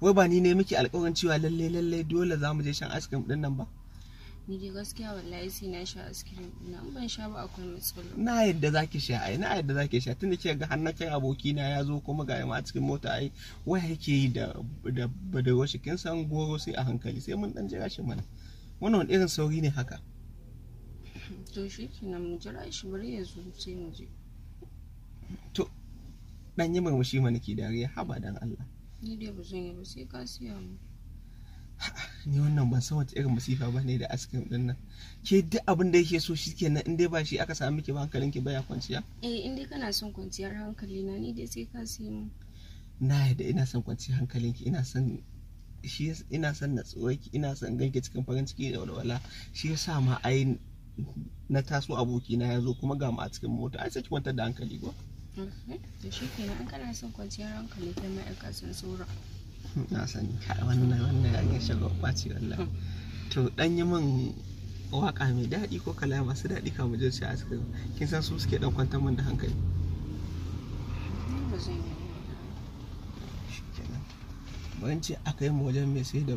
wai ba ni ne muke alƙawarin cewa lalle lalle dole za mu je shan ice cream din nan ba ni dai gaskiya wallahi sai na sha ice cream na ban sha ba akwai matsala na yadda zaki sha ai na yadda zaki sha tun da kike ga hannakin aboki na ya zo kuma ga yamma a cikin mota ai wai yake yi da da da washi kin san goro sai a hankali sai mun dan jira shi mana wannan irin sauri ne haka to shi kina mu jira shi bari ya zo sai mu je dan yi murmushi mana ke dariya haba dan Allah ni dai ba zan yi ba sai ka siya mu ni wannan ban san wace irin masifa ba ne da askin din nan ke duk abin da yake so shi kenan in dai ba shi aka samu ki ba hankalin ki baya kwanciya eh in dai kana son kwanciyar hankali na ni dai sai ka siya mu na yadda ina son kwanciyar hankalin ki ina son shi ina son natsuwa ki ina son ganke cikin farin ciki da walwala shi yasa ma ai na taso abokina ya zo kuma ga mu a cikin mota ai sai ki kwantar da hankali gwa da shi kenan an kana son kwanciyar hankali kai ma yan kasuwar tsoro na sani wannan wannan ya gaishe gwabba ce wannan to dan yi min waka mai daɗi ko kala masu daɗi ka mu shi a cikin kin san su suke dan kwantar min da hankali ban ce aka yi wajen mai sai da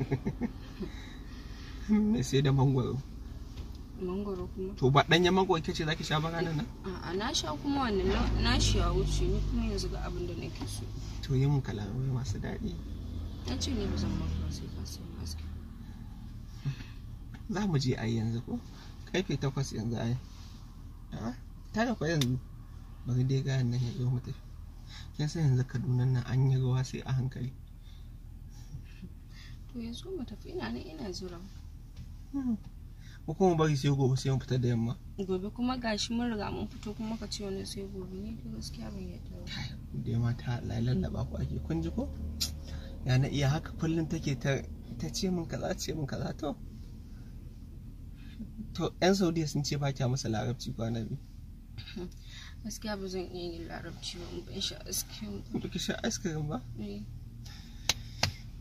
mai sai da mangwaro mangoro kuma to ba danyen mangoro kike ce zaki sha ba nan a'a na sha kuma wannan na shi ya wuce ni kuma yanzu ga abin da nake so to yi mun kalamai masu daɗi na ce ni ba zan maka ba sai ka sai za mu je ai yanzu ko karfe takwas yanzu ai ta da kwa yanzu bari dai gayan nan ya zo mu tafi kin san yanzu kaduna nan an yi ruwa sai a hankali to yanzu mu tafi ina ne ina zura ko kuma bari sai gobe sai mun fita da yamma gobe kuma gashi mun riga mun fito kuma ka ce wani sai gobe ne to gaskiya ban yadda ba da yamma ta lalaba ku ake kun ji ko ya na iya haka kullum take ta ta ce min kaza ce min kaza to to yan saudiya sun ce ba kya masa larabci kwana biyu gaskiya ba zan iya yin larabci ba in ban sha askin ba ki sha askin ba eh.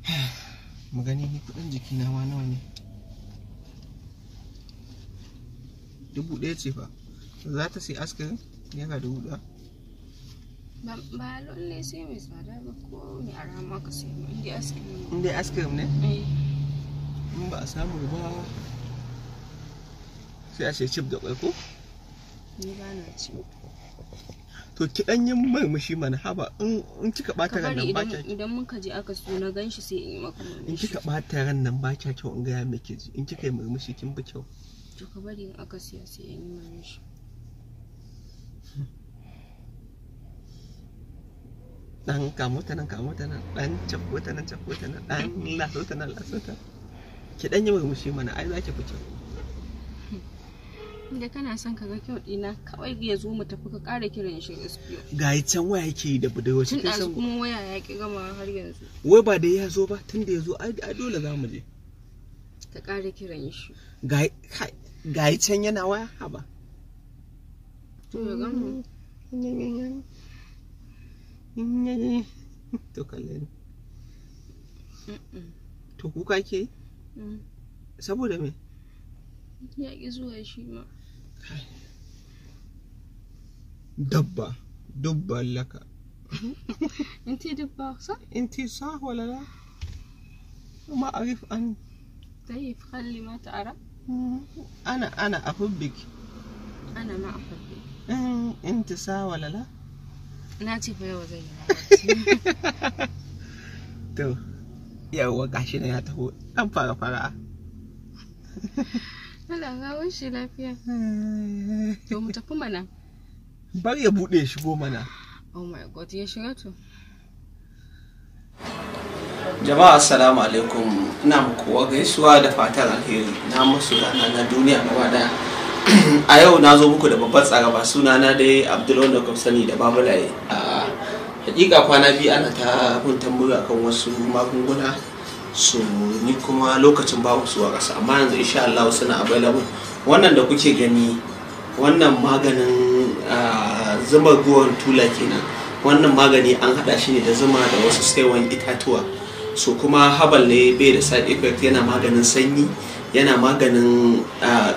mu gani ni kudin jikina ma nawa ne dubu ɗaya ce fa za ta sai askirin naira dubu ɗaya ba lallai sai mai tsada ba ko mai arama ka sai mu inda askirin inda ne eh. in ba a samu ba sai a sai cif da kwai ko ni ba na ci to ki dan yin murmushi mana haba in kika bata ran nan baki idan muka je aka so na ganshi sai in yi maka in kika bata ran nan baki kyau in ga ya ji? in kika yi murmushi kin bi kyau to ka bari in aka siya sai in yi mana shi dan kamo ta nan kamo ta nan dan cakko ta nan cakko ta nan dan laso ta nan laso ta ki dan yi murmushi mana ai za ki fice da kana son ka ga kyau dina kawai ya zo mu tafi ka ƙara kiran shi espio Ga yi can waya yake da budurwa shi kai san. kuma waya ya ki gama har yanzu. Wai ba da ya zo ba tun da ya zo ai dole za mu je. Ka ƙara kiran shi. Ga ga yi can yana waya haba to kalle to kuka ke saboda me ya ki zuwa shi ma dabba dubba laka inti dubba sa inti sa wala la ma arif an tayyib khalli ma ta'raf أنا أنا أحبك ما ولا لا؟ وزي تو gashi ya taho fara fara Allah shi lafiya to mu tafi mana ya bude go mana oh my god ya shiga to jama'a assalamu alaikum ina kowa gaisuwa da fatan alheri na musu na duniya gaba daya a yau na zo muku da babban tsaraba suna na dai abdullahi da sani da babulaye a hakika kwana biyu ana ta mun tambaya kan wasu magunguna su ni kuma lokacin babu su a ƙasa amma yanzu insha Allah suna available wannan da kuke gani wannan maganin zuma ruwan tula kenan wannan magani an haɗa shi ne da zuma da wasu saiwan itatuwa so kuma habal ne bai da side effect yana maganin sanyi yana maganin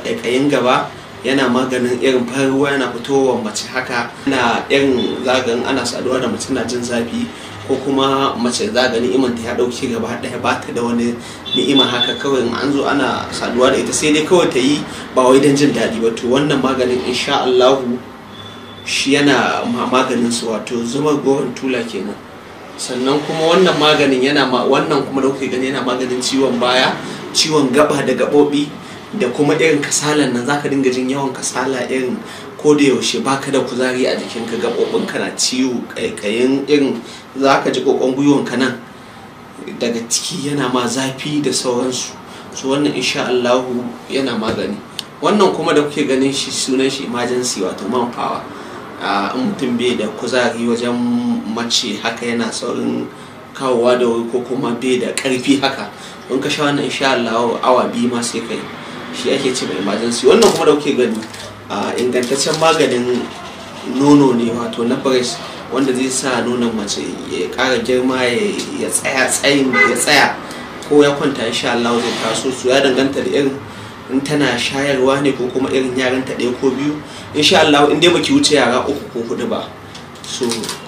kaikayin gaba yana maganin irin faruwa yana fitowa mace haka yana irin zagan ana saduwa da mutum na jin zafi ko kuma mace zagani ta ya dauki gaba daya ba ta da wani ni'ima haka kawai an zo ana saduwa da ita sai dai kawai ta yi ba wai don jin daɗi ba to wannan maganin insha Allahu shi yana maganin su wato zuma goron tula kenan sannan kuma wannan maganin yana wannan kuma da kuke gani yana maganin ciwon baya ciwon gaba da gabobi da kuma irin kasalan nan zaka dinga jin yawan kasala irin ko da yaushe baka da kuzari a jikinka gabobin na ciwo kaikayin irin zaka ji kokon gwiwon ka nan daga ciki yana ma zafi da sauransu su wannan insha Allah yana magani wannan kuma da kuke ganin shi sunan shi emergency wato power a mutum bai da kuzari wajen mace haka yana saurin kawowa da wuri ko kuma bai da karfi haka in ka sha wannan insha Allah awa biyu ma sai kai shi ake ce mai emergency wannan kuma da kuke gani ingantaccen maganin nono ne wato na breast wanda zai sa nonon mace ya kara girma ya tsaya tsayin ya tsaya ko ya kwanta insha Allah zai taso su ya danganta da irin in tana shayarwa ne ko kuma irin yaran ɗaya ko biyu insha Allah in dai baki wuce yara uku ko hudu ba so